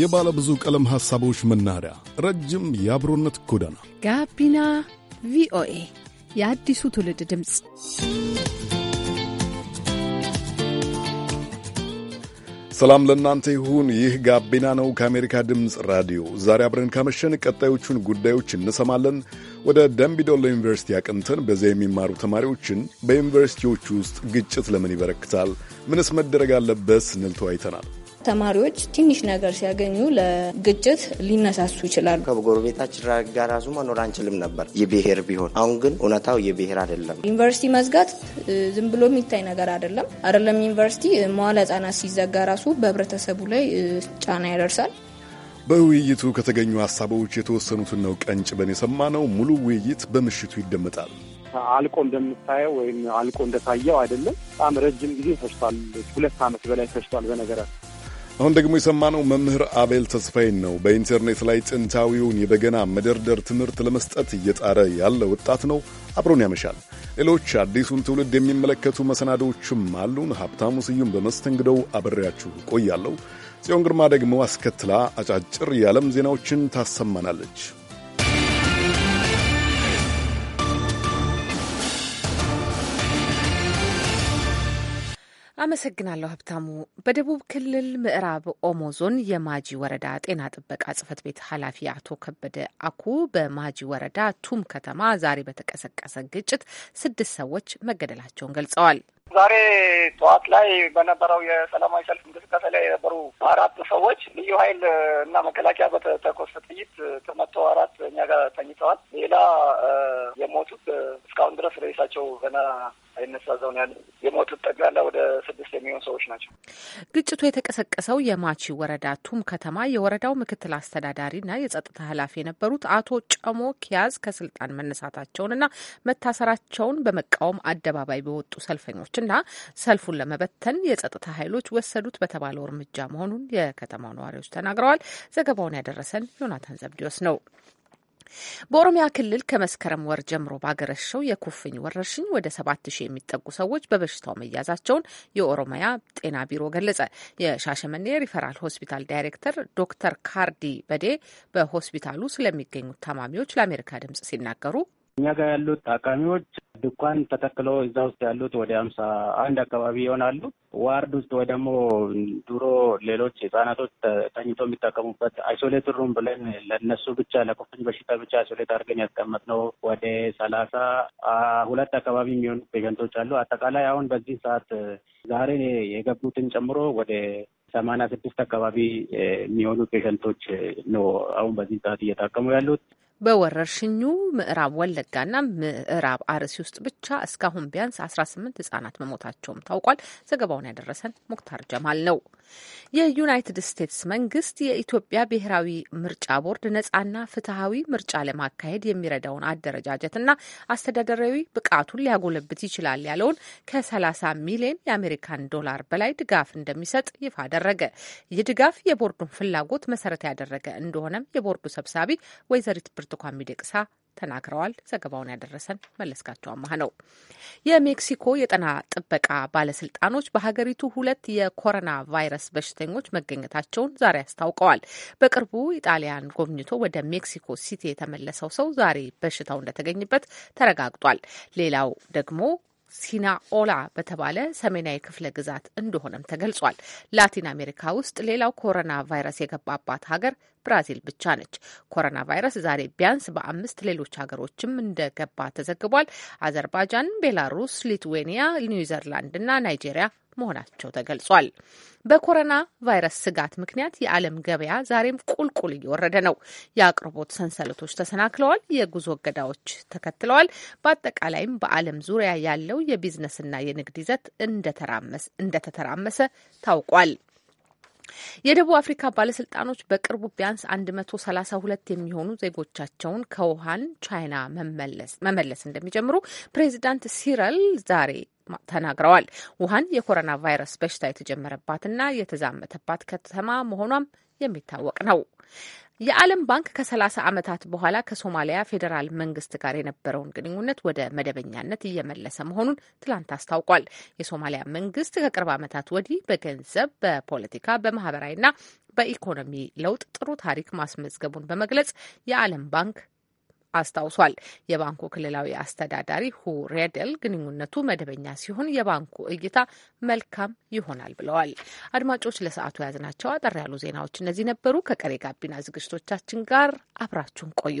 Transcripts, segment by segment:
የባለ ብዙ ቀለም ሐሳቦች መናኸሪያ፣ ረጅም የአብሮነት ጎዳና ጋቢና ቪኦኤ የአዲሱ ትውልድ ድምፅ። ሰላም ለእናንተ ይሁን። ይህ ጋቢና ነው ከአሜሪካ ድምፅ ራዲዮ። ዛሬ አብረን ካመሸን ቀጣዮቹን ጉዳዮች እንሰማለን። ወደ ደምቢዶሎ ዩኒቨርሲቲ አቅንተን በዚያ የሚማሩ ተማሪዎችን በዩኒቨርሲቲዎች ውስጥ ግጭት ለምን ይበረክታል? ምንስ መደረግ አለበት ስንል ተወያይተናል። ተማሪዎች ትንሽ ነገር ሲያገኙ ለግጭት ሊነሳሱ ይችላሉ። ከጎረቤታችን ጋር ራሱ መኖር አንችልም ነበር የብሔር ቢሆን። አሁን ግን እውነታው የብሔር አይደለም። ዩኒቨርሲቲ መዝጋት ዝም ብሎ የሚታይ ነገር አይደለም። አይደለም ዩኒቨርሲቲ መዋለ ህጻናት ሲዘጋ ራሱ በህብረተሰቡ ላይ ጫና ያደርሳል። በውይይቱ ከተገኙ ሀሳቦች የተወሰኑትን ነው ቀንጭበን የሰማነው። ሙሉ ውይይት በምሽቱ ይደመጣል። አልቆ እንደምታየው ወይም አልቆ እንደታየው አይደለም። በጣም ረጅም ጊዜ ፈጅቷል። ሁለት ዓመት በላይ ፈጅቷል። በነገራት አሁን ደግሞ የሰማነው መምህር አቤል ተስፋዬን ነው። በኢንተርኔት ላይ ጥንታዊውን የበገና መደርደር ትምህርት ለመስጠት እየጣረ ያለ ወጣት ነው። አብሮን ያመሻል። ሌሎች አዲሱን ትውልድ የሚመለከቱ መሰናዶዎችም አሉን። ሀብታሙ ስዩም በመስተንግደው አብሬያችሁ ቆያለሁ። ጽዮን ግርማ ደግሞ አስከትላ አጫጭር የዓለም ዜናዎችን ታሰማናለች። አመሰግናለሁ ሀብታሙ። በደቡብ ክልል ምዕራብ ኦሞ ዞን የማጂ ወረዳ ጤና ጥበቃ ጽፈት ቤት ኃላፊ አቶ ከበደ አኩ በማጂ ወረዳ ቱም ከተማ ዛሬ በተቀሰቀሰ ግጭት ስድስት ሰዎች መገደላቸውን ገልጸዋል። ዛሬ ጠዋት ላይ በነበረው የሰላማዊ ሰልፍ እንቅስቃሴ ላይ የነበሩ አራት ሰዎች ልዩ ኃይል እና መከላከያ በተተኮሰ ጥይት ተመተው አራት እኛ ጋር ተኝተዋል። ሌላ የሞቱት እስካሁን ድረስ ሬሳቸው ገና አይነሳዘው ዘውን ያለ የሞቱት ጠቅላላ ወደ ስድስት የሚሆኑ ሰዎች ናቸው። ግጭቱ የተቀሰቀሰው የማቺ ወረዳ ቱም ከተማ የወረዳው ምክትል አስተዳዳሪና የጸጥታ ኃላፊ የነበሩት አቶ ጨሞ ኪያዝ ከስልጣን መነሳታቸውንና መታሰራቸውን በመቃወም አደባባይ በወጡ ሰልፈኞች ሰልፈኞችና ሰልፉን ለመበተን የጸጥታ ኃይሎች ወሰዱት በተባለው እርምጃ መሆኑን የከተማው ነዋሪዎች ተናግረዋል። ዘገባውን ያደረሰን ዮናታን ዘብዲዮስ ነው። በኦሮሚያ ክልል ከመስከረም ወር ጀምሮ ባገረሸው የኩፍኝ ወረርሽኝ ወደ ሰባት ሺህ የሚጠጉ ሰዎች በበሽታው መያዛቸውን የኦሮሚያ ጤና ቢሮ ገለጸ። የሻሸመኔ ሪፈራል ሆስፒታል ዳይሬክተር ዶክተር ካርዲ በዴ በሆስፒታሉ ስለሚገኙ ታማሚዎች ለአሜሪካ ድምጽ ሲናገሩ እኛ ጋር ያሉት ታካሚዎች ድኳን ተተክሎ እዛ ውስጥ ያሉት ወደ አምሳ አንድ አካባቢ ይሆናሉ። ዋርድ ውስጥ ወይ ደግሞ ድሮ ሌሎች ህጻናቶች ተኝቶ የሚጠቀሙበት አይሶሌት ሩም ብለን ለነሱ ብቻ ለኩፍኝ በሽታ ብቻ አይሶሌት አድርገን ያስቀመጥነው ወደ ሰላሳ ሁለት አካባቢ የሚሆኑ ፔሸንቶች አሉ። አጠቃላይ አሁን በዚህ ሰዓት ዛሬ የገቡትን ጨምሮ ወደ ሰማንያ ስድስት አካባቢ የሚሆኑ ፔሸንቶች ነው አሁን በዚህ ሰዓት እየታከሙ ያሉት። በወረርሽኙ ምዕራብ ወለጋና ምዕራብ አርሲ ውስጥ ብቻ እስካሁን ቢያንስ 18 ህጻናት መሞታቸውም ታውቋል። ዘገባውን ያደረሰን ሙክታር ጀማል ነው። የዩናይትድ ስቴትስ መንግስት የኢትዮጵያ ብሔራዊ ምርጫ ቦርድ ነጻና ፍትሐዊ ምርጫ ለማካሄድ የሚረዳውን አደረጃጀትና አስተዳደራዊ ብቃቱን ሊያጎለብት ይችላል ያለውን ከ30 ሚሊዮን የአሜሪካን ዶላር በላይ ድጋፍ እንደሚሰጥ ይፋ አደረገ። ይህ ድጋፍ የቦርዱን ፍላጎት መሰረት ያደረገ እንደሆነም የቦርዱ ሰብሳቢ ወይዘሪት ብርቱካን ሚደቅሳ ተናግረዋል። ዘገባውን ያደረሰን መለስካቸው አማህ ነው። የሜክሲኮ የጤና ጥበቃ ባለስልጣኖች በሀገሪቱ ሁለት የኮሮና ቫይረስ በሽተኞች መገኘታቸውን ዛሬ አስታውቀዋል። በቅርቡ ኢጣሊያን ጎብኝቶ ወደ ሜክሲኮ ሲቲ የተመለሰው ሰው ዛሬ በሽታው እንደተገኝበት ተረጋግጧል። ሌላው ደግሞ ሲናኦላ በተባለ ሰሜናዊ ክፍለ ግዛት እንደሆነም ተገልጿል። ላቲን አሜሪካ ውስጥ ሌላው ኮሮና ቫይረስ የገባባት ሀገር ብራዚል ብቻ ነች። ኮሮና ቫይረስ ዛሬ ቢያንስ በአምስት ሌሎች ሀገሮችም እንደገባ ተዘግቧል። አዘርባጃን፣ ቤላሩስ፣ ሊትዌኒያ፣ ኒውዚርላንድ እና ናይጄሪያ መሆናቸው ተገልጿል። በኮሮና ቫይረስ ስጋት ምክንያት የዓለም ገበያ ዛሬም ቁልቁል እየወረደ ነው። የአቅርቦት ሰንሰለቶች ተሰናክለዋል። የጉዞ እገዳዎች ተከትለዋል። በአጠቃላይም በዓለም ዙሪያ ያለው የቢዝነስና የንግድ ይዘት እንደተተራመሰ ታውቋል። የደቡብ አፍሪካ ባለስልጣኖች በቅርቡ ቢያንስ 132 የሚሆኑ ዜጎቻቸውን ከውሃን ቻይና መመለስ እንደሚጀምሩ ፕሬዚዳንት ሲረል ዛሬ ተናግረዋል። ውሃን የኮሮና ቫይረስ በሽታ የተጀመረባትና የተዛመተባት ከተማ መሆኗም የሚታወቅ ነው። የዓለም ባንክ ከሰላሳ ዓመታት በኋላ ከሶማሊያ ፌዴራል መንግስት ጋር የነበረውን ግንኙነት ወደ መደበኛነት እየመለሰ መሆኑን ትላንት አስታውቋል። የሶማሊያ መንግስት ከቅርብ ዓመታት ወዲህ በገንዘብ፣ በፖለቲካ፣ በማህበራዊና በኢኮኖሚ ለውጥ ጥሩ ታሪክ ማስመዝገቡን በመግለጽ የዓለም ባንክ አስታውሷል። የባንኩ ክልላዊ አስተዳዳሪ ሁ ሬደል ግንኙነቱ መደበኛ ሲሆን የባንኩ እይታ መልካም ይሆናል ብለዋል። አድማጮች ለሰዓቱ የያዝናቸው አጠር ያሉ ዜናዎች እነዚህ ነበሩ። ከቀሪ ጋቢና ዝግጅቶቻችን ጋር አብራችሁን ቆዩ።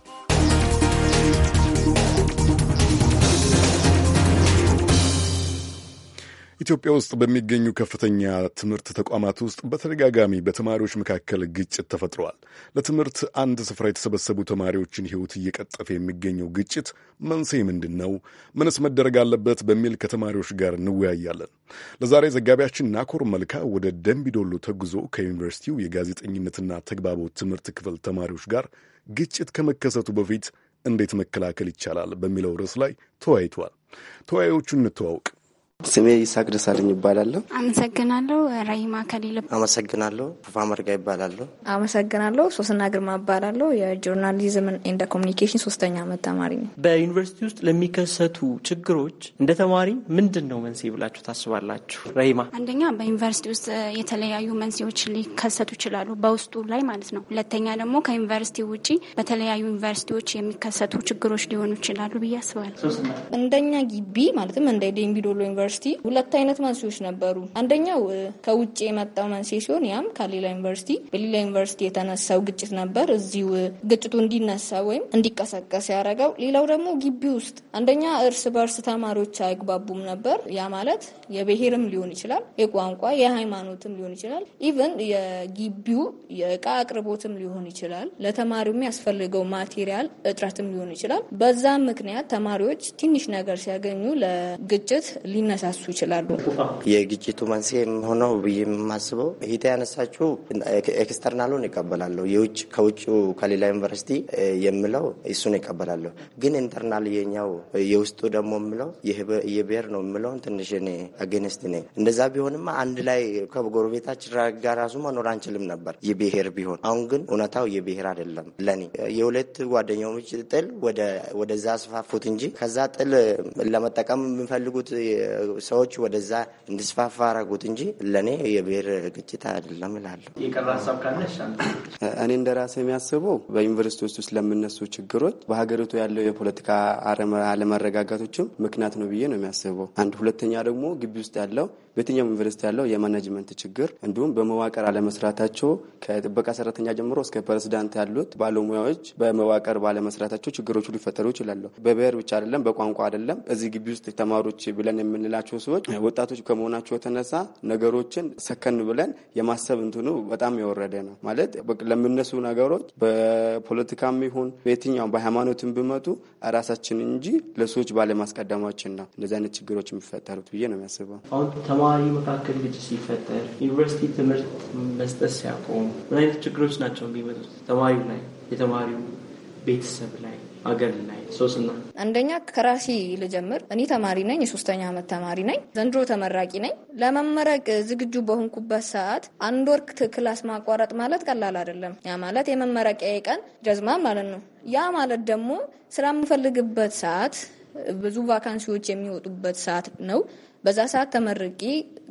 ኢትዮጵያ ውስጥ በሚገኙ ከፍተኛ ትምህርት ተቋማት ውስጥ በተደጋጋሚ በተማሪዎች መካከል ግጭት ተፈጥረዋል። ለትምህርት አንድ ስፍራ የተሰበሰቡ ተማሪዎችን ሕይወት እየቀጠፈ የሚገኘው ግጭት መንስኤ ምንድን ነው? ምንስ መደረግ አለበት? በሚል ከተማሪዎች ጋር እንወያያለን። ለዛሬ ዘጋቢያችን ናኮር መልካ ወደ ደምቢዶሎ ተጉዞ ከዩኒቨርሲቲው የጋዜጠኝነትና ተግባቦት ትምህርት ክፍል ተማሪዎች ጋር ግጭት ከመከሰቱ በፊት እንዴት መከላከል ይቻላል በሚለው ርዕስ ላይ ተወያይቷል። ተወያዮቹ እንተዋውቅ። ስሜ ይሳቅ ደሳለኝ ይባላለሁ። አመሰግናለሁ። ራሂማ ከሌለ አመሰግናለሁ። ፉፋ መርጋ ይባላለሁ። አመሰግናለሁ። ሶስና ግርማ ይባላለሁ። የጆርናሊዝም ኤንድ ኮሚኒኬሽን ሶስተኛ አመት ተማሪ ነው። በዩኒቨርሲቲ ውስጥ ለሚከሰቱ ችግሮች እንደ ተማሪ ምንድን ነው መንስኤ ብላችሁ ታስባላችሁ? ራሂማ፣ አንደኛ በዩኒቨርሲቲ ውስጥ የተለያዩ መንስኤዎች ሊከሰቱ ይችላሉ፣ በውስጡ ላይ ማለት ነው። ሁለተኛ ደግሞ ከዩኒቨርሲቲ ውጭ በተለያዩ ዩኒቨርሲቲዎች የሚከሰቱ ችግሮች ሊሆኑ ይችላሉ ብዬ አስባለሁ። እንደኛ ግቢ ማለትም እንደ ዴምቢዶሎ ዩኒቨርሲቲ ዩኒቨርሲቲ ሁለት አይነት መንስኤዎች ነበሩ። አንደኛው ከውጭ የመጣው መንስኤ ሲሆን ያም ከሌላ ዩኒቨርሲቲ በሌላ ዩኒቨርሲቲ የተነሳው ግጭት ነበር እዚሁ ግጭቱ እንዲነሳ ወይም እንዲቀሰቀስ ያደረገው። ሌላው ደግሞ ግቢ ውስጥ አንደኛ እርስ በርስ ተማሪዎች አይግባቡም ነበር። ያ ማለት የብሔርም ሊሆን ይችላል፣ የቋንቋ የሃይማኖትም ሊሆን ይችላል፣ ኢቨን የግቢው የእቃ አቅርቦትም ሊሆን ይችላል፣ ለተማሪው የሚያስፈልገው ማቴሪያል እጥረትም ሊሆን ይችላል። በዛም ምክንያት ተማሪዎች ትንሽ ነገር ሲያገኙ ለግጭት ሊነሳ ሊያሳሱ ይችላሉ። የግጭቱ መንስኤ የሆነው ብዬ የማስበው ሂታ ያነሳችው ኤክስተርናሉን ይቀበላለሁ። የውጭ ከውጭ ከሌላ ዩኒቨርሲቲ የምለው እሱን ይቀበላለሁ። ግን ኢንተርናል የኛው የውስጡ ደግሞ የምለው የብሔር ነው የምለውን ትንሽ እኔ አገንስት ነኝ። እንደዛ ቢሆንማ አንድ ላይ ከጎረቤታችን ጋር ራሱ መኖር አንችልም ነበር የብሔር ቢሆን። አሁን ግን እውነታው የብሔር አይደለም። ለኔ የሁለት ጓደኛሞች ጥል ወደዛ አስፋፉት እንጂ ከዛ ጥል ለመጠቀም የሚፈልጉት ሰዎች ወደዛ እንዲስፋፋ አረጉት እንጂ ለእኔ የብሔር ግጭት አይደለም እላለሁ። እኔ እንደ ራሴ የሚያስበው በዩኒቨርስቲ ውስጥ ለምነሱ ችግሮች በሀገሪቱ ያለው የፖለቲካ አለመረጋጋቶችም ምክንያት ነው ብዬ ነው የሚያስበው። አንድ ሁለተኛ ደግሞ ግቢ ውስጥ ያለው በየትኛው ዩኒቨርስቲ ያለው የማናጅመንት ችግር እንዲሁም በመዋቅር አለመስራታቸው ከጥበቃ ሰራተኛ ጀምሮ እስከ ፕሬዚዳንት ያሉት ባለሙያዎች በመዋቅር ባለመስራታቸው ችግሮቹ ሊፈጠሩ ይችላሉ። በብሔር ብቻ አይደለም፣ በቋንቋ አይደለም። እዚህ ግቢ ውስጥ ተማሪዎች ብለን የምንል የምንላቸው ሰዎች ወጣቶች ከመሆናቸው የተነሳ ነገሮችን ሰከን ብለን የማሰብ እንትኑ በጣም የወረደ ነው። ማለት ለምነሱ ነገሮች በፖለቲካም ይሁን በየትኛውም በሃይማኖትን ብመጡ ራሳችን እንጂ ለሰዎች ባለማስቀደማችን ነው እንደዚህ አይነት ችግሮች የሚፈጠሩት ብዬ ነው የሚያስበው። አሁን ተማሪ መካከል ግጭት ሲፈጠር ዩኒቨርሲቲ ትምህርት መስጠት ሲያቆሙ ምን አይነት ችግሮች ናቸው የሚመጡት? ተማሪው ላይ፣ የተማሪው ቤተሰብ ላይ አገር ላይ ሶስና አንደኛ ከራሴ ልጀምር። እኔ ተማሪ ነኝ፣ የሶስተኛ ዓመት ተማሪ ነኝ። ዘንድሮ ተመራቂ ነኝ። ለመመረቅ ዝግጁ በሆንኩበት ሰዓት አንድ ወርክ ክላስ ማቋረጥ ማለት ቀላል አይደለም። ያ ማለት የመመረቂያ ቀን ጀዝማ ማለት ነው። ያ ማለት ደግሞ ስራ የምፈልግበት ሰዓት ብዙ ቫካንሲዎች የሚወጡበት ሰዓት ነው። በዛ ሰዓት ተመርቂ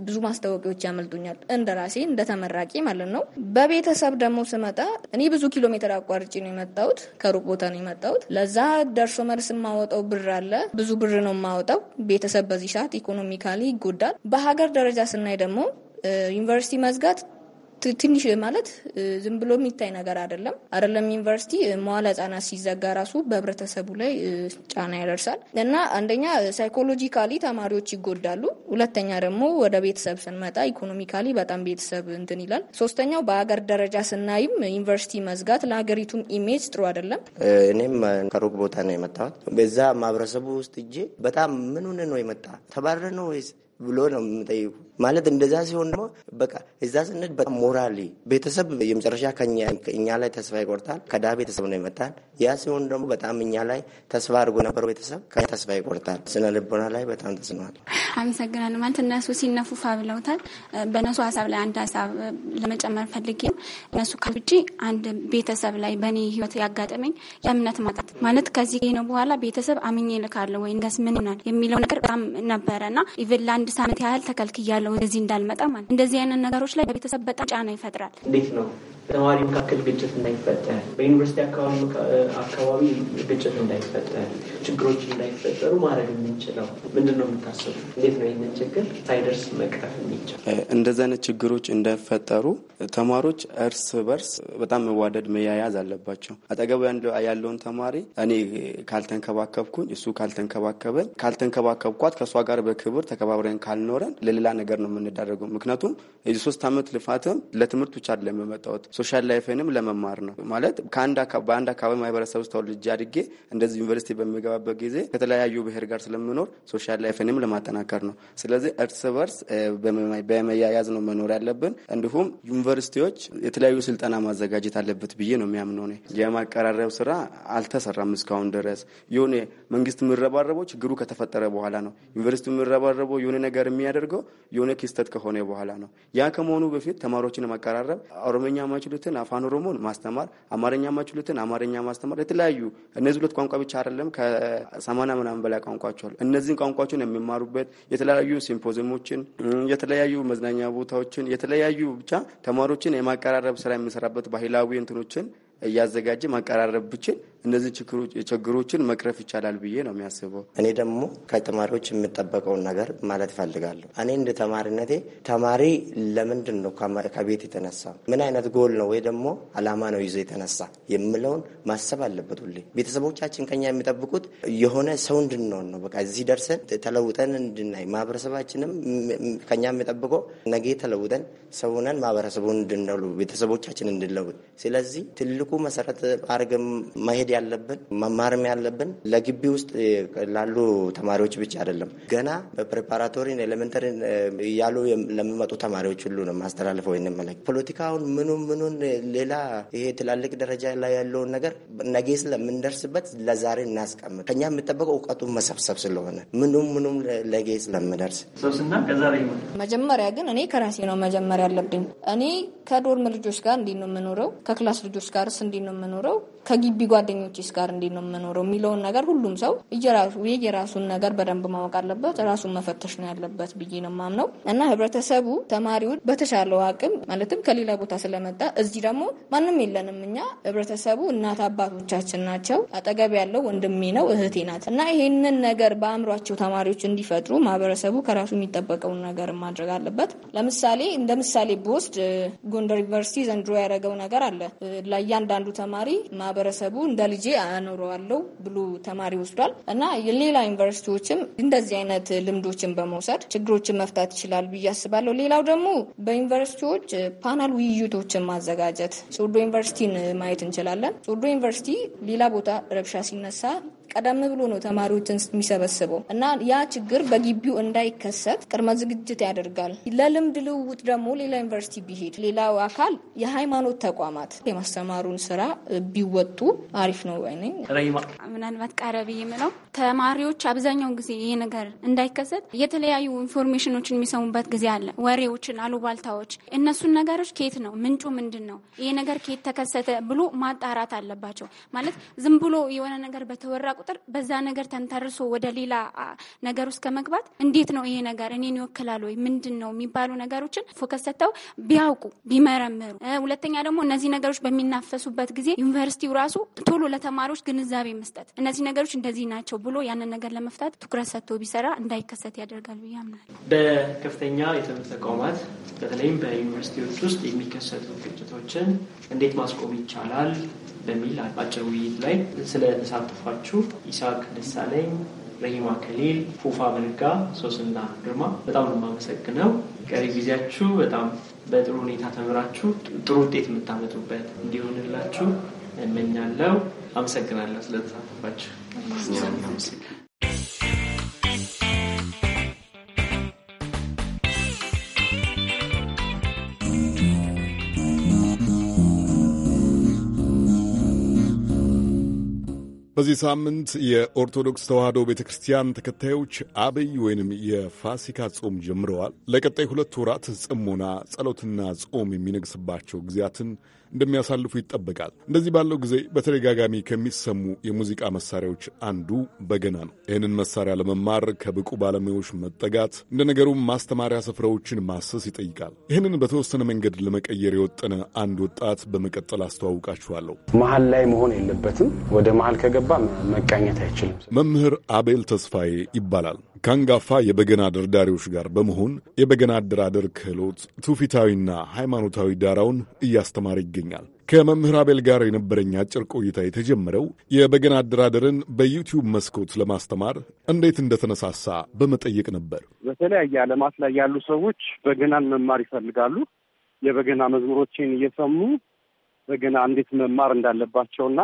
ብዙ ማስታወቂያዎች ያመልጡኛል እንደ ራሴ እንደ ተመራቂ ማለት ነው። በቤተሰብ ደግሞ ስመጣ እኔ ብዙ ኪሎ ሜትር አቋርጭ ነው የመጣሁት። ከሩቅ ቦታ ነው የመጣሁት። ለዛ ደርሶ መልስ የማወጣው ብር አለ። ብዙ ብር ነው የማወጣው። ቤተሰብ በዚህ ሰዓት ኢኮኖሚካሊ ይጎዳል። በሀገር ደረጃ ስናይ ደግሞ ዩኒቨርሲቲ መዝጋት ትንሽ ማለት ዝም ብሎ የሚታይ ነገር አይደለም። አይደለም ዩኒቨርሲቲ መዋለ ህጻናት ሲዘጋ ራሱ በህብረተሰቡ ላይ ጫና ያደርሳል እና አንደኛ ሳይኮሎጂካሊ ተማሪዎች ይጎዳሉ። ሁለተኛ ደግሞ ወደ ቤተሰብ ስንመጣ ኢኮኖሚካሊ በጣም ቤተሰብ እንትን ይላል። ሶስተኛው በሀገር ደረጃ ስናይም ዩኒቨርሲቲ መዝጋት ለሀገሪቱም ኢሜጅ ጥሩ አይደለም። እኔም ከሩቅ ቦታ ነው የመጣሁት። በዛ ማህበረሰቡ ውስጥ እጄ በጣም ምን ሆነ ነው የመጣ ተባረ ነው ወይስ ብሎ ነው የምጠይቁ። ማለት እንደዛ ሲሆን ደግሞ በቃ እዛ ስንድ በጣም ሞራሊ ቤተሰብ የመጨረሻ እኛ ላይ ተስፋ ይቆርጣል። ከዳ ቤተሰብ ነው ይመጣል። ያ ሲሆን ደግሞ በጣም እኛ ላይ ተስፋ አድርጎ የነበረው ቤተሰብ ተስፋ ይቆርጣል። ስነ ልቦና ላይ በጣም ተጽኗል። አመሰግናለሁ። ማለት እነሱ ሲነፉፋ ብለውታል። በእነሱ ሀሳብ ላይ አንድ ሀሳብ ለመጨመር ፈልጌ እነሱ ከውጭ አንድ ቤተሰብ ላይ በእኔ ህይወት ያጋጠመኝ የእምነት ማጣት ማለት ከዚህ ነው በኋላ ቤተሰብ አምኜ ልካለሁ ወይ ምን ይሆናል የሚለው ነገር በጣም ነበረ እና ኢቨን ለአንድ ስድስት ዓመት ያህል ተከልክያለሁ እንደዚህ እንዳልመጣ ማለት እንደዚህ አይነት ነገሮች ላይ በቤተሰብ በጣም ጫና ይፈጥራል። እንዴት ነው በነዋሪ መካከል ግጭት እንዳይፈጠር፣ በዩኒቨርሲቲ አካባቢ ግጭት እንዳይፈጠር፣ ችግሮች እንዳይፈጠሩ ማድረግ የምንችለው ምንድን ነው የምታስቡ? እንዴት ነው ይህንን ችግር ሳይደርስ መቅረፍ የሚቻል? እንደዚህ አይነት ችግሮች እንዳይፈጠሩ ተማሪዎች እርስ በርስ በጣም መዋደድ መያያዝ አለባቸው። አጠገቡ ያለውን ተማሪ እኔ ካልተንከባከብኩኝ፣ እሱ ካልተንከባከበኝ፣ ካልተንከባከብኳት ከእሷ ጋር በክብር ተከባብረን ካልኖረን ለሌላ ነገር ነው የምንዳረገው። ምክንያቱም የሶስት ዓመት ልፋትም ለትምህርት ብቻ አይደለም የመጣሁት ሶሻል ላይፍንም ለመማር ነው ማለት በአንድ አካባቢ ማህበረሰብ ውስጥ ተወልጄ አድጌ እንደዚህ ዩኒቨርሲቲ በሚገባበት ጊዜ ከተለያዩ ብሔር ጋር ስለምኖር ሶሻል ላይፍንም ለማጠናከር ነው። ስለዚህ እርስ በርስ በመያያዝ ነው መኖር ያለብን። እንዲሁም ዩኒቨርሲቲዎች የተለያዩ ስልጠና ማዘጋጀት አለበት ብዬ ነው የሚያምነው። የማቀራረብ ስራ አልተሰራም እስካሁን ድረስ የሆነ መንግስት የምረባረበው ችግሩ ከተፈጠረ በኋላ ነው። ዩኒቨርሲቲ የምረባረበው የሆነ ነገር የሚያደርገው የሆነ ክስተት ከሆነ በኋላ ነው። ያ ከመሆኑ በፊት ተማሪዎችን ማቀራረብ፣ ኦሮሞኛ ማችሉትን አፋን ኦሮሞን ማስተማር፣ አማርኛ ማችሉትን አማርኛ ማስተማር፣ የተለያዩ እነዚህ ሁለት ቋንቋ ብቻ አይደለም ከሰማና ምናምን በላይ ቋንቋቸዋል። እነዚህን ቋንቋቸውን የሚማሩበት የተለያዩ ሲምፖዚሞችን፣ የተለያዩ መዝናኛ ቦታዎችን፣ የተለያዩ ብቻ ተማሪዎችን የማቀራረብ ስራ የሚሰራበት ባህላዊ እንትኖችን እያዘጋጀ ማቀራረብ ብችል እነዚህ ችግሮችን መቅረፍ ይቻላል ብዬ ነው የሚያስበው። እኔ ደግሞ ከተማሪዎች የምጠበቀውን ነገር ማለት እፈልጋለሁ። እኔ እንደ ተማሪነቴ ተማሪ ለምንድን ነው ከቤት የተነሳ ምን አይነት ጎል ነው ወይ ደግሞ አላማ ነው ይዞ የተነሳ የምለውን ማሰብ አለበት ሁሌ። ቤተሰቦቻችን ከኛ የሚጠብቁት የሆነ ሰው እንድንሆን ነው። በቃ እዚህ ደርሰን ተለውጠን እንድናይ ማህበረሰባችንም ከኛ የሚጠብቀው ነገ ተለውጠን ሰውነን ማህበረሰቡን እንድንለውጥ ቤተሰቦቻችን እንድንለውጥ። ስለዚህ ትልቁ መሰረት አድርገን መሄድ መውሰድ ያለብን መማርም ያለብን ለግቢ ውስጥ ላሉ ተማሪዎች ብቻ አይደለም። ገና በፕሬፓራቶሪን ኤሌመንተሪን እያሉ ለሚመጡ ተማሪዎች ሁሉ ነው ማስተላለፈው ይንመለክ ፖለቲካውን ምኑን ምኑን ሌላ ይሄ ትላልቅ ደረጃ ላይ ያለውን ነገር ነገ ስለምንደርስበት ለዛሬ እናስቀምጥ። ከኛ የምጠበቀው እውቀቱ መሰብሰብ ስለሆነ ምኑም ምኑም ለጌ ስለምደርስ መጀመሪያ ግን እኔ ከራሴ ነው መጀመሪያ ያለብኝ። እኔ ከዶርም ልጆች ጋር እንዲ ነው የምኖረው? ከክላስ ልጆች ጋርስ እንዲ ነው የምኖረው? ከግቢ ጓደኛ ከጓደኞችስ ጋር እንዴት ነው የምኖረው የሚለውን ነገር ሁሉም ሰው የራሱን ነገር በደንብ ማወቅ አለበት፣ ራሱን መፈተሽ ነው ያለበት ብዬ ነው የማምነው እና ህብረተሰቡ ተማሪውን በተሻለው አቅም ማለትም ከሌላ ቦታ ስለመጣ እዚህ ደግሞ ማንም የለንም እኛ ህብረተሰቡ እናት አባቶቻችን ናቸው። አጠገብ ያለው ወንድሜ ነው እህቴ ናት እና ይሄንን ነገር በአእምሯቸው ተማሪዎች እንዲፈጥሩ ማህበረሰቡ ከራሱ የሚጠበቀውን ነገር ማድረግ አለበት። ለምሳሌ እንደ ምሳሌ ብወስድ ጎንደር ዩኒቨርሲቲ ዘንድሮ ያደረገው ነገር አለ። ለእያንዳንዱ ተማሪ ማህበረሰቡ እንደ ልጄ አኖረዋለሁ ብሎ ተማሪ ወስዷል እና ሌላ ዩኒቨርሲቲዎችም እንደዚህ አይነት ልምዶችን በመውሰድ ችግሮችን መፍታት ይችላል ብዬ አስባለሁ። ሌላው ደግሞ በዩኒቨርሲቲዎች ፓናል ውይይቶችን ማዘጋጀት ሶዶ ዩኒቨርሲቲን ማየት እንችላለን። ሶዶ ዩኒቨርሲቲ ሌላ ቦታ ረብሻ ሲነሳ ቀደም ብሎ ነው ተማሪዎችን የሚሰበስበው እና ያ ችግር በግቢው እንዳይከሰት ቅድመ ዝግጅት ያደርጋል። ለልምድ ልውውጥ ደግሞ ሌላ ዩኒቨርሲቲ ቢሄድ፣ ሌላው አካል የሃይማኖት ተቋማት የማስተማሩን ስራ ቢወጡ አሪፍ ነው። ምናልባት ቀረብ የምለው ተማሪዎች አብዛኛውን ጊዜ ይህ ነገር እንዳይከሰት የተለያዩ ኢንፎርሜሽኖችን የሚሰሙበት ጊዜ አለ። ወሬዎችን፣ አሉባልታዎች፣ እነሱን ነገሮች ኬት ነው ምንጩ ምንድን ነው ይሄ ነገር ኬት ተከሰተ ብሎ ማጣራት አለባቸው። ማለት ዝም ብሎ የሆነ ነገር በተወራ ቁጥር በዛ ነገር ተንተርሶ ወደ ሌላ ነገር ውስጥ ከመግባት እንዴት ነው ይሄ ነገር እኔን ይወክላል ወይ ምንድን ነው የሚባሉ ነገሮችን ፎከስ ሰጥተው ቢያውቁ ቢመረምሩ፣ ሁለተኛ ደግሞ እነዚህ ነገሮች በሚናፈሱበት ጊዜ ዩኒቨርሲቲው ራሱ ቶሎ ለተማሪዎች ግንዛቤ መስጠት እነዚህ ነገሮች እንደዚህ ናቸው ብሎ ያንን ነገር ለመፍታት ትኩረት ሰጥቶ ቢሰራ እንዳይከሰት ያደርጋል ብዬ አምናለሁ። በከፍተኛ የትምህርት ተቋማት በተለይም በዩኒቨርሲቲዎች ውስጥ የሚከሰቱ ግጭቶችን እንዴት ማስቆም ይቻላል? በሚል አጭር ውይይት ላይ ስለተሳተፏችሁ ኢሳቅ ደሳለኝ፣ ረሂማ ከሊል፣ ፉፋ መርጋ፣ ሶስና ግርማ በጣም ነው የማመሰግነው። ቀሪ ጊዜያችሁ በጣም በጥሩ ሁኔታ ተምራችሁ ጥሩ ውጤት የምታመጡበት እንዲሆንላችሁ እመኛለሁ። አመሰግናለሁ ስለተሳተፋችሁ። በዚህ ሳምንት የኦርቶዶክስ ተዋሕዶ ቤተ ክርስቲያን ተከታዮች አብይ ወይንም የፋሲካ ጾም ጀምረዋል። ለቀጣይ ሁለት ወራት ጽሞና ጸሎትና ጾም የሚነግስባቸው ጊዜያትን እንደሚያሳልፉ ይጠበቃል። እንደዚህ ባለው ጊዜ በተደጋጋሚ ከሚሰሙ የሙዚቃ መሳሪያዎች አንዱ በገና ነው። ይህንን መሳሪያ ለመማር ከብቁ ባለሙያዎች መጠጋት፣ እንደ ነገሩም ማስተማሪያ ስፍራዎችን ማሰስ ይጠይቃል። ይህንን በተወሰነ መንገድ ለመቀየር የወጠነ አንድ ወጣት በመቀጠል አስተዋውቃችኋለሁ። መሀል ላይ መሆን የለበትም። ወደ መሀል ከገባ መቃኘት አይችልም። መምህር አቤል ተስፋዬ ይባላል። ከአንጋፋ የበገና ደርዳሪዎች ጋር በመሆን የበገና አደራደር ክህሎት ትውፊታዊና ሃይማኖታዊ ዳራውን እያስተማረ ይገኛል። ይገኛል። ከመምህር አቤል ጋር የነበረኝ አጭር ቆይታ የተጀመረው የበገና አደራደርን በዩቲዩብ መስኮት ለማስተማር እንዴት እንደተነሳሳ በመጠየቅ ነበር። በተለያየ ዓለማት ላይ ያሉ ሰዎች በገናን መማር ይፈልጋሉ። የበገና መዝሙሮችን እየሰሙ በገና እንዴት መማር እንዳለባቸውና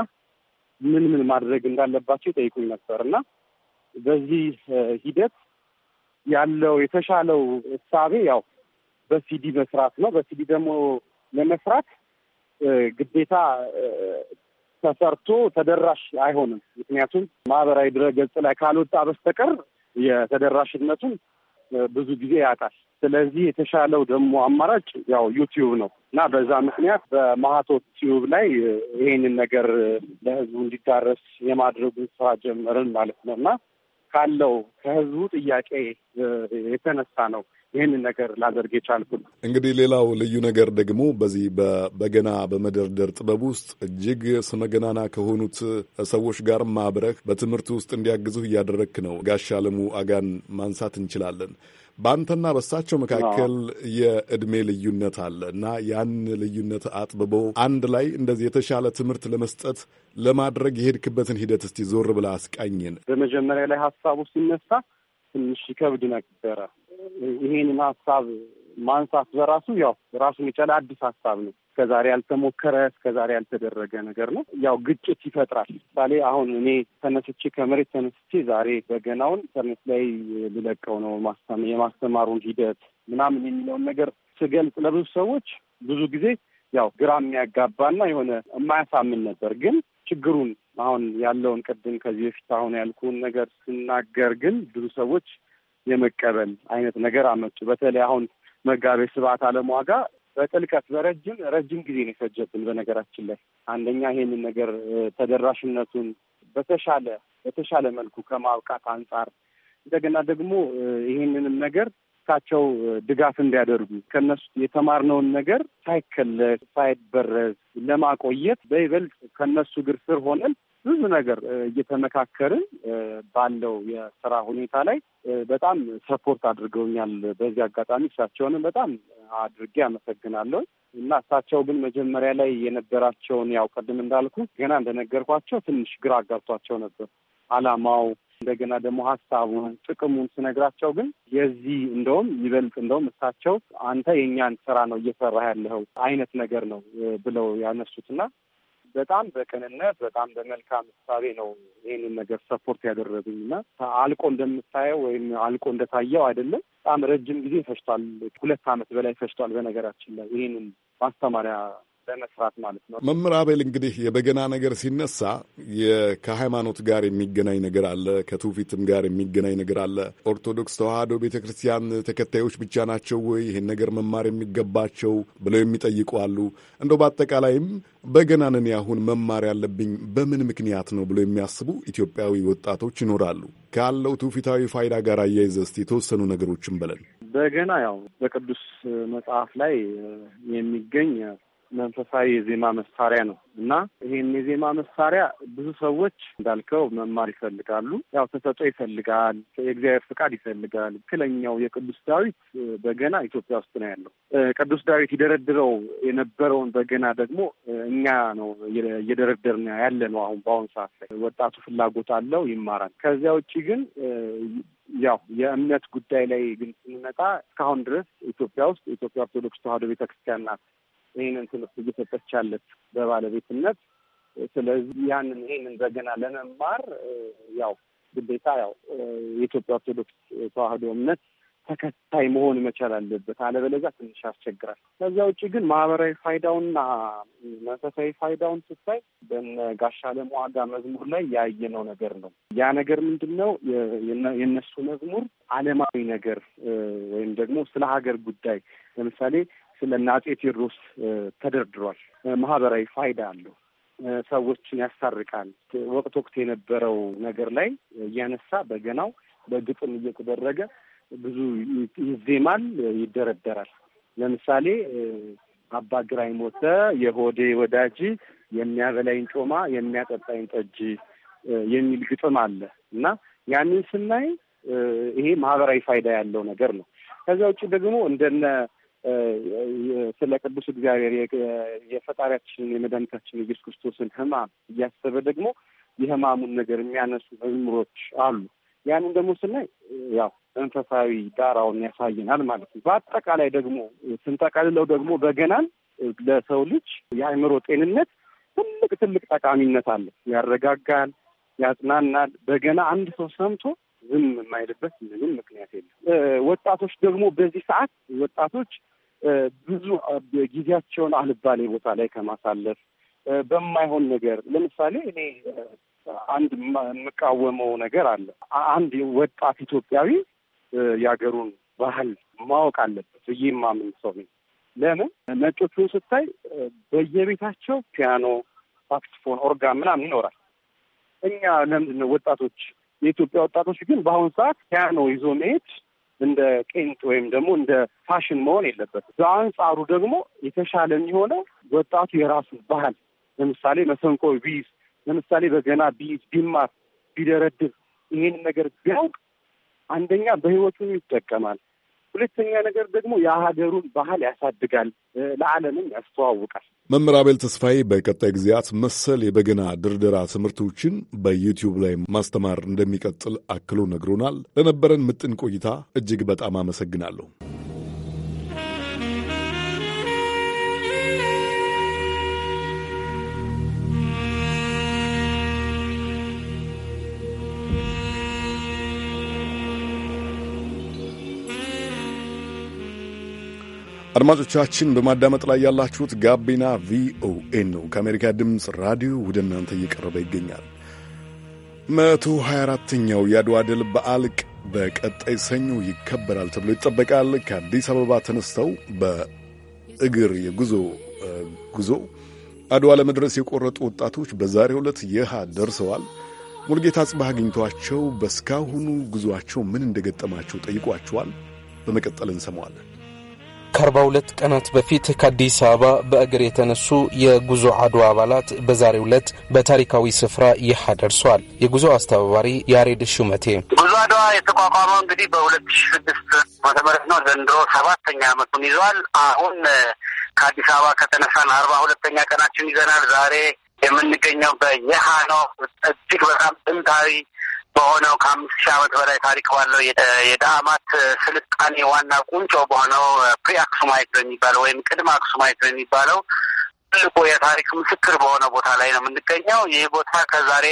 ምን ምን ማድረግ እንዳለባቸው ይጠይቁኝ ነበር እና በዚህ ሂደት ያለው የተሻለው እሳቤ ያው በሲዲ መስራት ነው። በሲዲ ደግሞ ለመስራት ግዴታ ተሰርቶ ተደራሽ አይሆንም። ምክንያቱም ማህበራዊ ድረገጽ ላይ ካልወጣ በስተቀር የተደራሽነቱን ብዙ ጊዜ ያጣል። ስለዚህ የተሻለው ደግሞ አማራጭ ያው ዩቲዩብ ነው እና በዛ ምክንያት በማህቶ ቲዩብ ላይ ይሄንን ነገር ለህዝቡ እንዲዳረስ የማድረጉን ስራ ጀመርን ማለት ነው እና ካለው ከህዝቡ ጥያቄ የተነሳ ነው ይህንን ነገር ላደርግ ነው። እንግዲህ ሌላው ልዩ ነገር ደግሞ በዚህ በገና በመደርደር ጥበብ ውስጥ እጅግ ስመገናና ከሆኑት ሰዎች ጋር ማብረህ በትምህርት ውስጥ እንዲያግዙህ እያደረግክ ነው። ጋሻ አለሙ አጋን ማንሳት እንችላለን። በአንተና በሳቸው መካከል የእድሜ ልዩነት አለ እና ያን ልዩነት አጥብቦ አንድ ላይ እንደዚህ የተሻለ ትምህርት ለመስጠት ለማድረግ የሄድክበትን ሂደት እስቲ ዞር ብላ አስቃኝን። በመጀመሪያ ላይ ሀሳቡ ሲነሳ ትንሽ ይከብድ ነበረ። ይሄንን ሀሳብ ማንሳት በራሱ ያው ራሱን የቻለ አዲስ ሀሳብ ነው። እስከዛሬ ያልተሞከረ እስከዛሬ ያልተደረገ ነገር ነው። ያው ግጭት ይፈጥራል። ምሳሌ አሁን እኔ ተነስቼ ከመሬት ተነስቼ ዛሬ በገናውን ኢንተርኔት ላይ ልለቀው ነው የማስተማሩን ሂደት ምናምን የሚለውን ነገር ስገልጽ ለብዙ ሰዎች ብዙ ጊዜ ያው ግራ የሚያጋባና የሆነ የማያሳምን ነበር። ግን ችግሩን አሁን ያለውን ቅድም ከዚህ በፊት አሁን ያልኩን ነገር ስናገር ግን ብዙ ሰዎች የመቀበል አይነት ነገር አመጡ። በተለይ አሁን መጋቤ ስብዓት አለም ዋጋ በጥልቀት በረጅም ረጅም ጊዜ ነው የፈጀብን። በነገራችን ላይ አንደኛ ይሄንን ነገር ተደራሽነቱን በተሻለ በተሻለ መልኩ ከማብቃት አንጻር እንደገና ደግሞ ይህንንም ነገር ካቸው ድጋፍ እንዲያደርጉ ከነሱ የተማርነውን ነገር ሳይከለስ ሳይበረዝ ለማቆየት በይበልጥ ከነሱ እግር ስር ሆነን ብዙ ነገር እየተመካከርን ባለው የስራ ሁኔታ ላይ በጣም ሰፖርት አድርገውኛል። በዚህ አጋጣሚ እሳቸውንም በጣም አድርጌ አመሰግናለሁ እና እሳቸው ግን መጀመሪያ ላይ የነበራቸውን ያው ቅድም እንዳልኩ ገና እንደነገርኳቸው ትንሽ ግራ አጋብቷቸው ነበር አላማው እንደገና ደግሞ ሀሳቡን ጥቅሙን ስነግራቸው ግን የዚህ እንደውም ይበልጥ እንደውም እሳቸው አንተ የእኛን ስራ ነው እየሰራ ያለው አይነት ነገር ነው ብለው ያነሱትና በጣም በቅንነት በጣም በመልካም እሳቤ ነው ይህንን ነገር ሰፖርት ያደረጉኝ እና አልቆ እንደምታየው ወይም አልቆ እንደታየው አይደለም። በጣም ረጅም ጊዜ ፈጅቷል። ሁለት ዓመት በላይ ፈጅቷል። በነገራችን ላይ ይህንን ማስተማሪያ በመስራት ማለት ነው። መምህር አቤል እንግዲህ የበገና ነገር ሲነሳ ከሃይማኖት ጋር የሚገናኝ ነገር አለ፣ ከትውፊትም ጋር የሚገናኝ ነገር አለ። ኦርቶዶክስ ተዋህዶ ቤተ ክርስቲያን ተከታዮች ብቻ ናቸው ወይ ይህን ነገር መማር የሚገባቸው ብለው የሚጠይቁ አሉ። እንደው በአጠቃላይም በገናንን ያሁን መማር ያለብኝ በምን ምክንያት ነው ብለው የሚያስቡ ኢትዮጵያዊ ወጣቶች ይኖራሉ። ካለው ትውፊታዊ ፋይዳ ጋር አያይዘ እስቲ የተወሰኑ ነገሮችን በለን። በገና ያው በቅዱስ መጽሐፍ ላይ የሚገኝ መንፈሳዊ የዜማ መሳሪያ ነው እና ይሄን የዜማ መሳሪያ ብዙ ሰዎች እንዳልከው መማር ይፈልጋሉ። ያው ተሰጦ ይፈልጋል፣ የእግዚአብሔር ፍቃድ ይፈልጋል። ትክክለኛው የቅዱስ ዳዊት በገና ኢትዮጵያ ውስጥ ነው ያለው። ቅዱስ ዳዊት ይደረድረው የነበረውን በገና ደግሞ እኛ ነው እየደረደር ያለ ነው አሁን በአሁኑ ሰዓት ላይ ወጣቱ ፍላጎት አለው ይማራል። ከዚያ ውጭ ግን ያው የእምነት ጉዳይ ላይ ግን ስንመጣ እስካሁን ድረስ ኢትዮጵያ ውስጥ የኢትዮጵያ ኦርቶዶክስ ተዋሕዶ ቤተክርስቲያን ናት ይህንን ትምህርት እየሰጠች በባለቤትነት። ስለዚህ ያንን ይህንን በገና ለመማር ያው ግዴታ ያው የኢትዮጵያ ኦርቶዶክስ ተዋህዶ እምነት ተከታይ መሆን መቻል አለበት። አለበለዚያ ትንሽ ያስቸግራል። ከዚያ ውጭ ግን ማህበራዊ ፋይዳውና መንፈሳዊ ፋይዳውን ስታይ በነ ጋሻለም መዝሙር ላይ ያየነው ነገር ነው። ያ ነገር ምንድን ነው? የእነሱ መዝሙር አለማዊ ነገር ወይም ደግሞ ስለ ሀገር ጉዳይ ለምሳሌ ስለ እነ አጼ ቴዎድሮስ ተደርድሯል። ማህበራዊ ፋይዳ አለው። ሰዎችን ያስታርቃል። ወቅት ወቅት የነበረው ነገር ላይ እያነሳ በገናው በግጥም እየተደረገ ብዙ ይዜማል፣ ይደረደራል። ለምሳሌ አባ ግራኝ ሞተ የሆዴ ወዳጅ የሚያበላኝ ጮማ የሚያጠጣኝ ጠጅ የሚል ግጥም አለ እና ያንን ስናይ ይሄ ማህበራዊ ፋይዳ ያለው ነገር ነው። ከዚያ ውጭ ደግሞ እንደነ ስለ ቅዱስ እግዚአብሔር የፈጣሪያችንን የመድኃኒታችን ኢየሱስ ክርስቶስን ሕማም እያሰበ ደግሞ የሕማሙን ነገር የሚያነሱ መዝሙሮች አሉ። ያንን ደግሞ ስናይ ያው መንፈሳዊ ዳራውን ያሳየናል ማለት ነው። በአጠቃላይ ደግሞ ስንጠቃልለው ደግሞ በገናን ለሰው ልጅ የአእምሮ ጤንነት ትልቅ ትልቅ ጠቃሚነት አለ። ያረጋጋል፣ ያጽናናል። በገና አንድ ሰው ሰምቶ ዝም የማይልበት ምንም ምክንያት የለም። ወጣቶች ደግሞ በዚህ ሰዓት ወጣቶች ብዙ ጊዜያቸውን አልባሌ ቦታ ላይ ከማሳለፍ በማይሆን ነገር ለምሳሌ እኔ አንድ የምቃወመው ነገር አለ። አንድ ወጣት ኢትዮጵያዊ የሀገሩን ባህል ማወቅ አለበት ብዬ የማምን ሰው ነኝ። ለምን ነጮቹን ስታይ በየቤታቸው ፒያኖ፣ ሳክስፎን፣ ኦርጋን ምናምን ይኖራል። እኛ ለምንድን ነው ወጣቶች የኢትዮጵያ ወጣቶች ግን በአሁኑ ሰዓት ፒያኖ ይዞ መሄድ እንደ ቄንጥ ወይም ደግሞ እንደ ፋሽን መሆን የለበትም። በአንጻሩ ደግሞ የተሻለ የሚሆነው ወጣቱ የራሱ ባህል ለምሳሌ መሰንቆ ቢይዝ፣ ለምሳሌ በገና ቢይዝ፣ ቢማር፣ ቢደረድር ይሄን ነገር ቢያውቅ አንደኛ በህይወቱ ይጠቀማል። ሁለተኛ ነገር ደግሞ የሀገሩን ባህል ያሳድጋል፣ ለዓለምም ያስተዋውቃል። መምህር አቤል ተስፋዬ በቀጣይ ጊዜያት መሰል የበገና ድርደራ ትምህርቶችን በዩቲዩብ ላይ ማስተማር እንደሚቀጥል አክሎ ነግሮናል። ለነበረን ምጥን ቆይታ እጅግ በጣም አመሰግናለሁ። አድማጮቻችን በማዳመጥ ላይ ያላችሁት ጋቢና ቪኦኤ ነው። ከአሜሪካ ድምፅ ራዲዮ ወደ እናንተ እየቀረበ ይገኛል። መቶ 24ኛው የአድዋ ድል በዓል በቀጣይ ሰኞ ይከበራል ተብሎ ይጠበቃል። ከአዲስ አበባ ተነስተው በእግር የጉዞ ጉዞ አድዋ ለመድረስ የቆረጡ ወጣቶች በዛሬው ዕለት የሃ ደርሰዋል። ሙልጌታ አጽባህ አግኝቷቸው በእስካሁኑ ጉዞአቸው ምን እንደገጠማቸው ጠይቋቸዋል። በመቀጠል እንሰማዋለን። ከ42 ቀናት በፊት ከአዲስ አበባ በእግር የተነሱ የጉዞ አድዋ አባላት በዛሬው ዕለት በታሪካዊ ስፍራ ይሀ ደርሷል። የጉዞ አስተባባሪ ያሬድ ሹመቴ ጉዞ አድዋ የተቋቋመው እንግዲህ በሁለት ሺ ስድስት ዓመተ ምህረት ነው። ዘንድሮ ሰባተኛ ዓመቱን ይዟል። አሁን ከአዲስ አበባ ከተነሳን አርባ ሁለተኛ ቀናችን ይዘናል። ዛሬ የምንገኘው በየሃ ነው። እጅግ በጣም ጥንታዊ በሆነው ከአምስት ሺህ ዓመት በላይ ታሪክ ባለው የዳአማት ስልጣኔ ዋና ቁንጮ በሆነው ፕሪ አክሱማይት በሚባለው ወይም ቅድመ አክሱማይት በሚባለው ትልቁ የታሪክ ምስክር በሆነ ቦታ ላይ ነው የምንገኘው። ይህ ቦታ ከዛሬ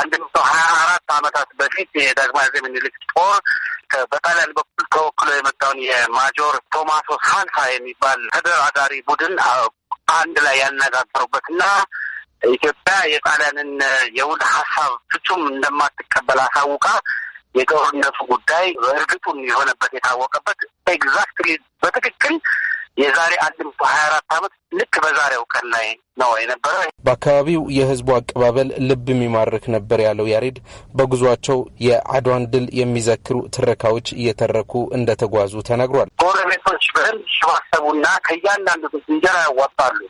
አንድ መቶ ሀያ አራት ዓመታት በፊት የዳግማዊ አፄ ምኒልክ ጦር በጣሊያን በኩል ተወክሎ የመጣውን የማጆር ቶማሶ ሳንሳ የሚባል ተደራዳሪ ቡድን አንድ ላይ ያነጋገሩበት ኢትዮጵያ የጣሊያንን የውል ሀሳብ ፍጹም እንደማትቀበል አሳውቃ የጦርነቱ ጉዳይ እርግጡን የሆነበት የታወቀበት ኤግዛክትሊ በትክክል የዛሬ አንድ መቶ ሀያ አራት ዓመት ልክ በዛሬው ቀን ላይ ነው የነበረ። በአካባቢው የህዝቡ አቀባበል ልብ የሚማርክ ነበር ያለው ያሬድ በጉዟቸው የአድዋን ድል የሚዘክሩ ትረካዎች እየተረኩ እንደተጓዙ ተናግሯል። ጎረቤቶች በህል ይሸባሰቡና ከእያንዳንዱ እንጀራ ያዋጣሉ።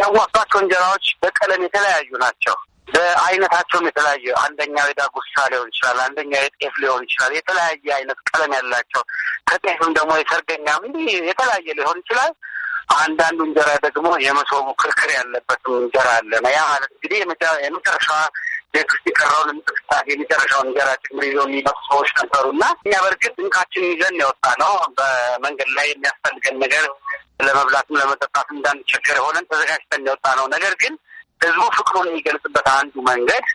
ያዋሷቸው እንጀራዎች በቀለም የተለያዩ ናቸው። በአይነታቸውም የተለያዩ አንደኛው የዳጉሳ ሊሆን ይችላል፣ አንደኛው የጤፍ ሊሆን ይችላል። የተለያየ አይነት ቀለም ያላቸው ከጤፍም ደግሞ የሰርገኛ የተለያየ ሊሆን ይችላል። አንዳንዱ እንጀራ ደግሞ የመሶቡ ክርክር ያለበት እንጀራ አለ። ያ ማለት እንግዲህ የመጨረሻ ቤት ውስጥ የቀረውን እንቅስቃሴ የመጨረሻውን እንጀራ ጭምር ይዞ የሚመጡ ሰዎች ነበሩ እና እኛ በእርግጥ ድንካችን ይዘን የወጣ ነው። በመንገድ ላይ የሚያስፈልገን ነገር ለመብላትም ለመጠጣት እንዳንቸገር ሆነን ተዘጋጅተን የወጣ ነው። ነገር ግን ህዝቡ ፍቅሩን የሚገልጽበት አንዱ መንገድ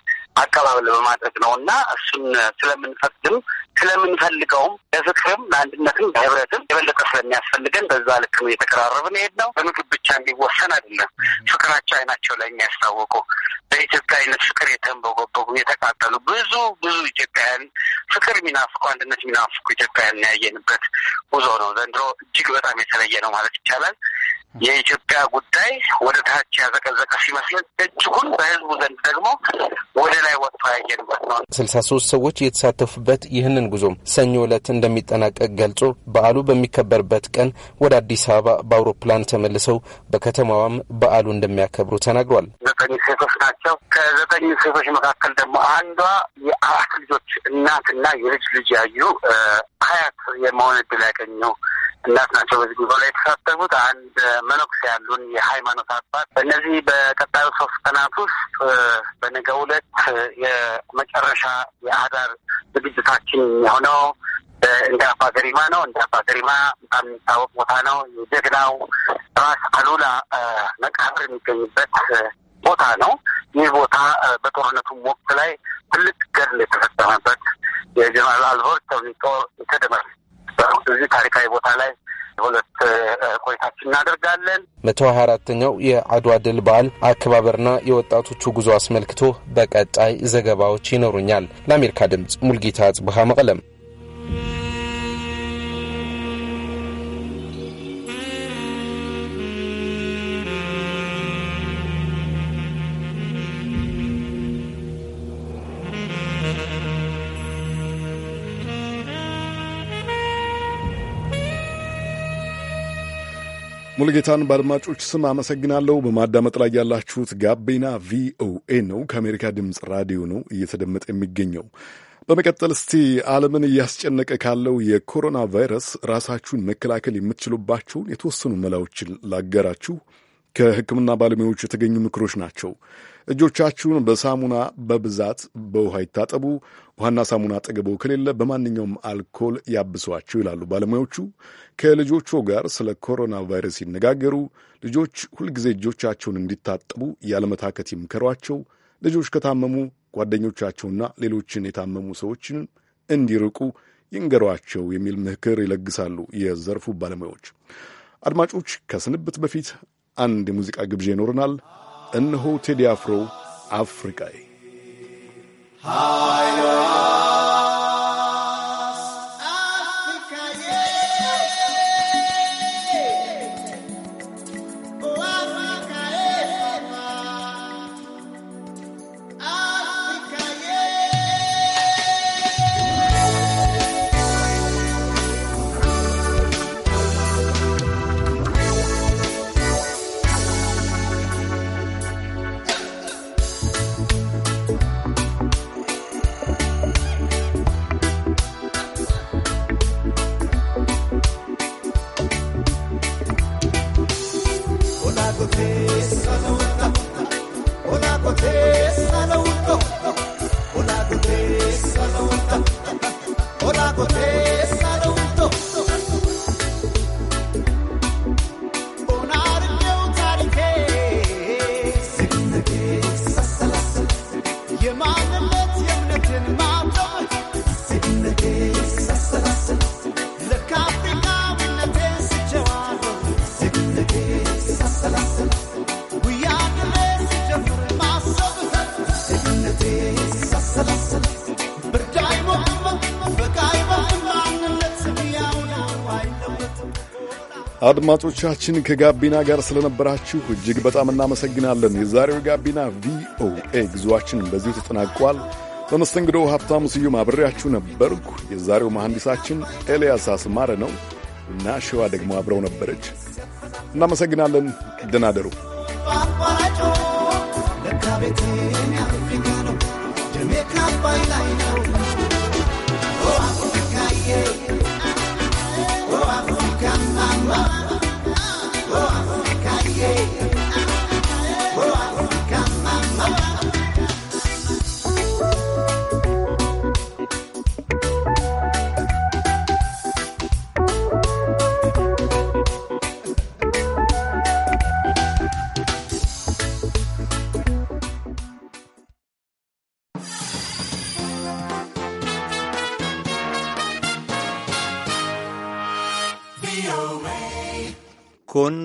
አቀባበል በማድረግ ነው እና እሱን ስለምንፈቅድም ስለምንፈልገውም ለፍቅርም፣ ለአንድነትም፣ ለህብረትም የበለጠ ስለሚያስፈልገን በዛ ልክ ነው የተቀራረብን ሄድ ነው። በምግብ ብቻ እንዲወሰን አይደለም። ፍቅራቸው አይናቸው ላይ የሚያስታወቁ አይነት ፍቅር የተንበጎበጉ የተቃጠሉ ብዙ ብዙ ኢትዮጵያውያን ፍቅር የሚናፍቁ አንድነት የሚናፍቁ ኢትዮጵያውያን ያየንበት ጉዞ ነው። ዘንድሮ እጅግ በጣም የተለየ ነው ማለት ይቻላል። የኢትዮጵያ ጉዳይ ወደ ታች ያዘቀዘቀ ሲመስለን እጅጉን በህዝቡ ዘንድ ደግሞ ወደ ላይ ወጥቶ ያየንበት ነው። ስልሳ ሶስት ሰዎች የተሳተፉበት ይህንን ጉዞ ሰኞ ዕለት እንደሚጠናቀቅ ገልጾ በዓሉ በሚከበርበት ቀን ወደ አዲስ አበባ በአውሮፕላን ተመልሰው በከተማዋም በዓሉ እንደሚያከብሩ ተናግሯል። ዘጠኝ ሴቶች ናቸው። ከዘጠኝ ሴቶች መካከል ደግሞ አንዷ የአራት ልጆች እናትና የልጅ ልጅ ያዩ ሀያት የመሆን እድል ያገኘው እናት ናቸው በዚህ ጉዞ ላይ የተሳተፉት። አንድ መነኩስ ያሉን የሃይማኖት አባት። እነዚህ በቀጣዩ ሶስት ቀናት ውስጥ በነገ ሁለት የመጨረሻ የአዳር ዝግጅታችን የሆነው እንደ አባ ገሪማ ነው። እንደ አባ ገሪማ በጣም የሚታወቅ ቦታ ነው። የጀግናው ራስ አሉላ መቃብር የሚገኝበት ቦታ ነው። ይህ ቦታ በጦርነቱም ወቅት ላይ ትልቅ ገድል የተፈጸመበት የጀነራል አልቦርት ተብኒ ጦር ስለዚህ ታሪካዊ ቦታ ላይ ሁለት ቆይታችን እናደርጋለን። መቶ ሀያ አራተኛው የአድዋ ድል በዓል አከባበርና የወጣቶቹ ጉዞ አስመልክቶ በቀጣይ ዘገባዎች ይኖሩኛል። ለአሜሪካ ድምፅ ሙልጌታ ጽብሃ መቀለም ሙልጌታን በአድማጮች ስም አመሰግናለሁ። በማዳመጥ ላይ ያላችሁት ጋቢና ቪኦኤ ነው፣ ከአሜሪካ ድምፅ ራዲዮ ነው እየተደመጠ የሚገኘው። በመቀጠል እስቲ ዓለምን እያስጨነቀ ካለው የኮሮና ቫይረስ ራሳችሁን መከላከል የምትችሉባቸውን የተወሰኑ መላዎችን ላገራችሁ። ከሕክምና ባለሙያዎች የተገኙ ምክሮች ናቸው። እጆቻችሁን በሳሙና በብዛት በውሃ ይታጠቡ። ውሃና ሳሙና አጠገበው ከሌለ በማንኛውም አልኮል ያብሷቸው ይላሉ ባለሙያዎቹ። ከልጆቹ ጋር ስለ ኮሮና ቫይረስ ሲነጋገሩ ልጆች ሁልጊዜ እጆቻቸውን እንዲታጠቡ ያለመታከት ይምከሯቸው። ልጆች ከታመሙ ጓደኞቻቸውና ሌሎችን የታመሙ ሰዎችን እንዲርቁ ይንገሯቸው የሚል ምክር ይለግሳሉ የዘርፉ ባለሙያዎች። አድማጮች፣ ከስንብት በፊት አንድ የሙዚቃ ግብዣ ይኖረናል። እነሆ ቴዲ አፍሮ አፍሪቃዬ Highway. አድማጮቻችን ከጋቢና ጋር ስለነበራችሁ እጅግ በጣም እናመሰግናለን። የዛሬው ጋቢና ቪኦኤ ጉዟችን በዚሁ ተጠናቋል። በመስተንግዶ ሀብታሙ ስዩም አብሬያችሁ ነበርኩ። የዛሬው መሐንዲሳችን ኤልያስ አስማረ ነው እና ሸዋ ደግሞ አብረው ነበረች። እናመሰግናለን። ደህና ደሩ። Oh,